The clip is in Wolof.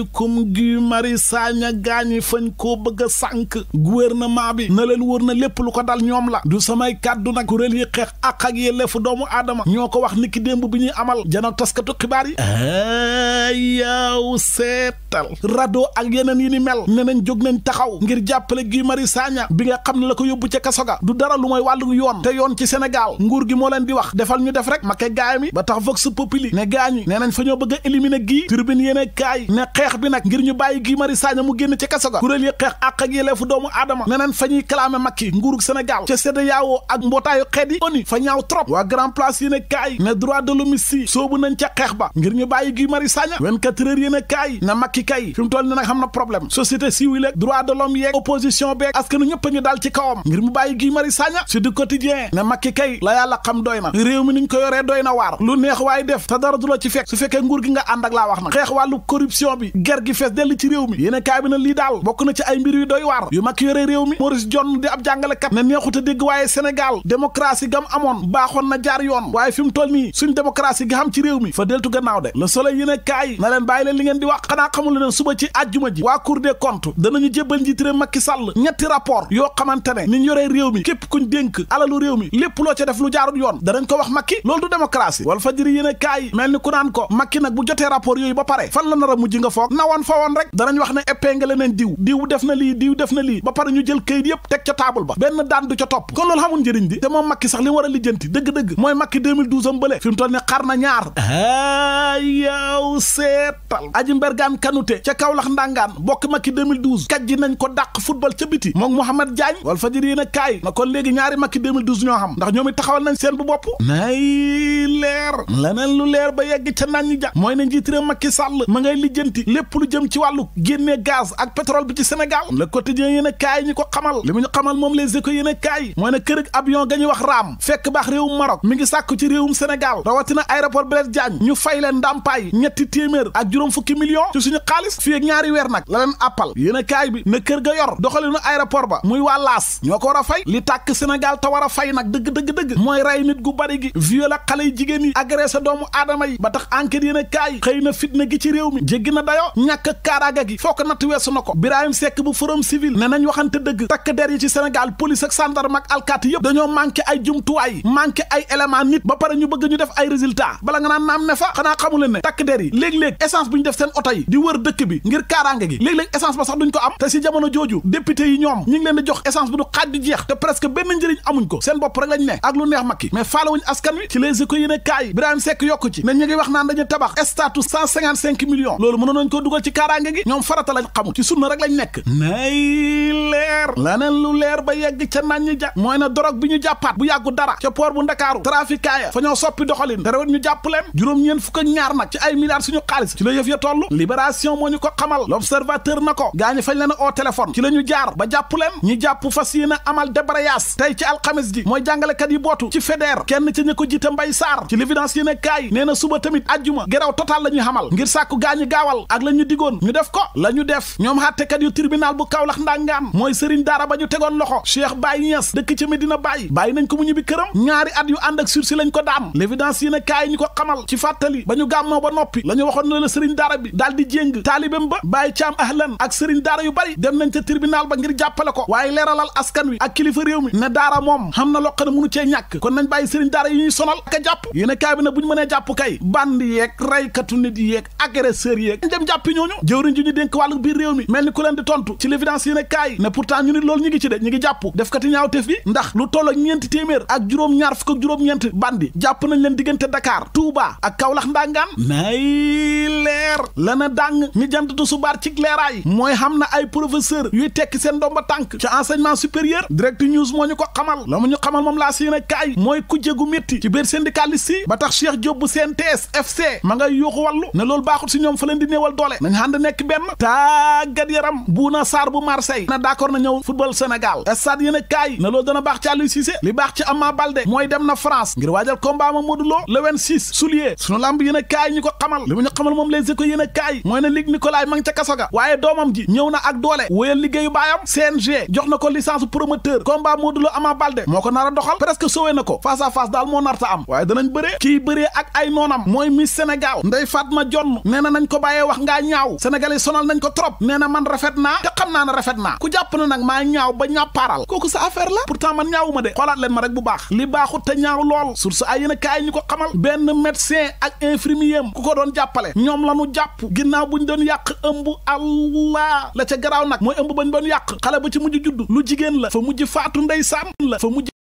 mbikum Guy Marius Sagna gaañi fañ koo bëgg a sànk gouvernement bi na leen wóor na lépp lu ko dal ñoom la du samay kàddu nag kuréel yi xeex ak ak yelleefu doomu aadama ñoo ko wax nikki démb bi ñuy amal janook taskatu xibaar yi yaw seetal rado ak yeneen yi ni mel ne nañ jóg nañ taxaw ngir jàppale Guy Marius Sagna bi nga xam ne la ko yóbbu ca kaso ga du dara lu mooy wàllu yoon te yoon ci Sénégal nguur gi moo leen di wax defal ñu def rek makke gaay ba tax vox a xeex bi ngir ñu bàyyi Guy Marius Sagna mu génn ci kaso ga kuréel yi xeex àq ak yelleefu doomu aadama neneen fa ñuy kalaame Macky nguurug Sénégal ca CEDEAO ak mbootaayu xeet yi ONU fa ñaaw trop waa grand place yéen a ne droit de l'homme si soobu nañ ca xeex ba ngir ñu bàyyi Guy Marius Sagna 24 heures yéen a kaay na Macky kay fi mu toll ni nag xam na problème société civile ak droit de l'homme yeeg opposition beeg askanu ñëpp a ñu daal ci kawam ngir mu bàyyi Guy Marius Sagna ci du quotidien ne yàlla xam doy na réew mi niñ ko yoree doy na waar lu neex waaye def te dara du ci fekk su fekkee nguur gi nga ànd wax nag xeex wàllu corruption bi ger gi fees dell ci réew mi yéen a kaay bi na lii daal bokk na ci ay mbir yu doy waar yu mag yore réew mi Maurice John di ab jàngalekat ne neexut a dégg waaye Sénégal démocratie gam amoon baaxoon na jaar yoon waaye fi mu toll nii suñ démocratie gi xam ci réew mi fa deltu gannaaw de Le Soleil yéen a kaay na leen bàyyi leen li ngeen di wax xanaa xamul leen suba ci àjjuma ji waa Cour des comptes danañu jébbal njiit réew Macky ñetti rapport yoo xamante ne niñ yoree réew mi képp kuñ dénk alalu réew mi lépp loo ca def lu jaarul yoon danañ ko wax Macky loolu du démocratie Walf a kaay mel ni ku naan ko Macky nag bu jotee rapport yooyu ba pare fan la nar a mujj nga foog nawoon fa woon rek danañ wax ne épingle nañ diw diw def na lii diw def na lii ba pare ñu jël këyit yëpp teg ca taabal ba benn daan du ca topp kon loolu xamul njëriñ di te moom Macky sax li mu war a lijjanti dëgg-dëgg mooy Macky 2012 am bële fi mu toll ne xar na ñaar a seetal aji mbergaan kanute ca Kaolack ndangaan bokk Macky 2012 kajji nañ ko daq futbal ca biti moom Mouhamed jaañ wal fajiri na kaay na kon léegi ñaari Macky 2012 ñoo xam ndax ñoomi taxawal nañ seen bu bopp nay leer leneen lu leer ba yegg ca naan ñi ja mooy ne njiit réew Macky Sall ma ngay lijjanti lépp lu jëm ci wàllu génne gaz ak pétrole bi ci Sénégal le quotidien yéen a kaay ñu ko xamal li mu ñu xamal moom les échos yéen a kaay mooy ne kër avion ga ñuy wax raam fekk baax réewum Maroc mi ngi sàkku ci réewum Sénégal rawatina aéroport Blaise Diagne ñu fay leen ndàmpaay ñetti téeméer ak juróom fukki million ci suñu xaalis fii ak ñaari weer nag la leen appal yéen a kaay bi ne kër ga yor doxalinu aéroport ba muy waa laas ñoo ko war a fay li tàkk Sénégal te war fay nag dëgg dëgg dëgg mooy rey gu bari xale yi jigéen yi agressé doomu aadama yi ba tax enquête yéen a kaay xëy na fitna gi ci réew mi jéggi na dayo dayoo ñàkk kaaraange gi foo ko natt weesu na ko Birahim Seck bu forum civil ne nañ waxante dëgg takk der yi ci Sénégal police ak gendarme ak alkaati yëpp dañoo manqué ay jumtuwaay manqué ay élément nit ba pare ñu bëgg ñu def ay résultat bala nga naan naam ne fa xanaa xamu leen ne takk der yi léeg-léeg essence bu ñu def seen oto yi di wër dëkk bi ngir kaaraange gi léeg-léeg essence ba sax duñ ko am te si jamono jooju député yi ñoom ñu ngi leen di jox essence bu du xaaj koo dugal ci kaaraange ngi ñoom farata lañ xamul ci sunna rek lañ nekk nay leer laneen lu leer ba yegg ca naan ñi ja mooy na dorog bi ñu jàppaat bu yàggu dara ca port bu ndakaaru traficaaya fa ñoo soppi doxalin te rewet ñu jàpp leen juróom-ñeen fukk ak ñaar nag ci ay milliards suñu xaalis ci la yëf moo ñu ko xamal l'observateur na ko gaa ñi fañ leen au téléphone ci la ñu jaar ba jàpp leen ñi jàpp fas yéene amal débrayage tey ci alxamis ji mooy jàngalekat yi bootu ci fédère kenn ci ñi ko jiite mbay saar ci l'évidence yéene kaay nee suba tamit ajjuma geraw total la ñuy xamal ngir sàkku gaa ñi gaawal ak la ñu digoon ñu def ko la ñu def ñoom àttekat yu tribunal bu Kaolack ndangaan mooy sëriñ daara ba ñu tegoon loxo Cheikh Baye Niass dëkk ci Medina Baye bàyyi nañ ko mu ñibbi këram ñaari at yu ànd ak sursis lañ ko daam l'évidence yéen a kaay ñi ko xamal ci fàttali ba ñu gàmmoo ba noppi la ñu waxoon ne la sëriñ daara bi daal di jéng taalibam ba Baye Thiam Ahlan ak sëriñ daara yu bari dem nañ ca tribunal ba ngir jàppale ko waaye leeralal askan wi ak kilifa réew mi ne daara moom xam na loo xam ne mënu cee ñàkk kon nañ bàyyi sëriñ daara yi ñuy sonal ka jàpp a kaay bi ne bu ñu mënee jàpp kay band yeeg raykatu nit yeeg agresseur yeeg jàppi ñooñu jëwriñ ji ñu dénk wàllu biir réew mi mel ni ku leen di tontu ci l'évidence yéen kaay ne pourtant ñu ni loolu ñu ngi ci de ñu ngi jàpp defkati ñaawteef yi ndax lu toll ak ñeenti téeméer ak juróom-ñaar fukk ak juróom-ñeent bandi jàpp nañ leen diggante Dakar Touba ak Kaolack ndangaan nay leer la na dàng ñi janttu subaar ci leeraay mooy xam na ay professeur yuy tekki seen ba tànk ci enseignement supérieur direct news moo ñu ko xamal la mu xamal moom laa si yéen kaay mooy ku jégu métti ci biir syndicaliste yi ba tax Cheikh bu CNTS FC ma ngay yuuxu wàllu ne loolu baaxul si ñoom leen di néewal doole nañ ànd nekk benn tàggat yaram Bouna Sarr bu Marseille na d'accord na ñëw football Sénégal stade yéen a na loolu dana baax ci Aliou Cissé li baax ci Ama Baldé mooy dem na France ngir waajal combat a ko xamal moom les échos yéen a kaay mooy na Luc Nicolaï ma ca kaso waaye doomam ji ñëw na ak doole wéyal liggéeyu baayam CNG jox na ko licence promoteur combat Modou Lo Ama Baldé moo ko nar a doxal presque sowee na ko face à daal moo ngaa ñaaw sénégalais sonal nañ ko trop nee na man rafet naa te xam naa ne rafet naa ku jàpp na nag maa ñaaw ba ñàppaaral kooku sa affaire la pourtant man ñaaw ma de xoolaat leen ma rek bu baax li baaxut te ñaaw lool source ay yéen a kaay ñu ko xamal benn médecin ak infirmier ku ko doon jàppale ñoom la nu jàpp ginnaaw ñu doon yàq ëmb allah la ca garaaw nag mooy ëmb bañ doon yàq xale ba ca mujj judd lu jigéen la fa mujj faatu ndeysaan la fa mujj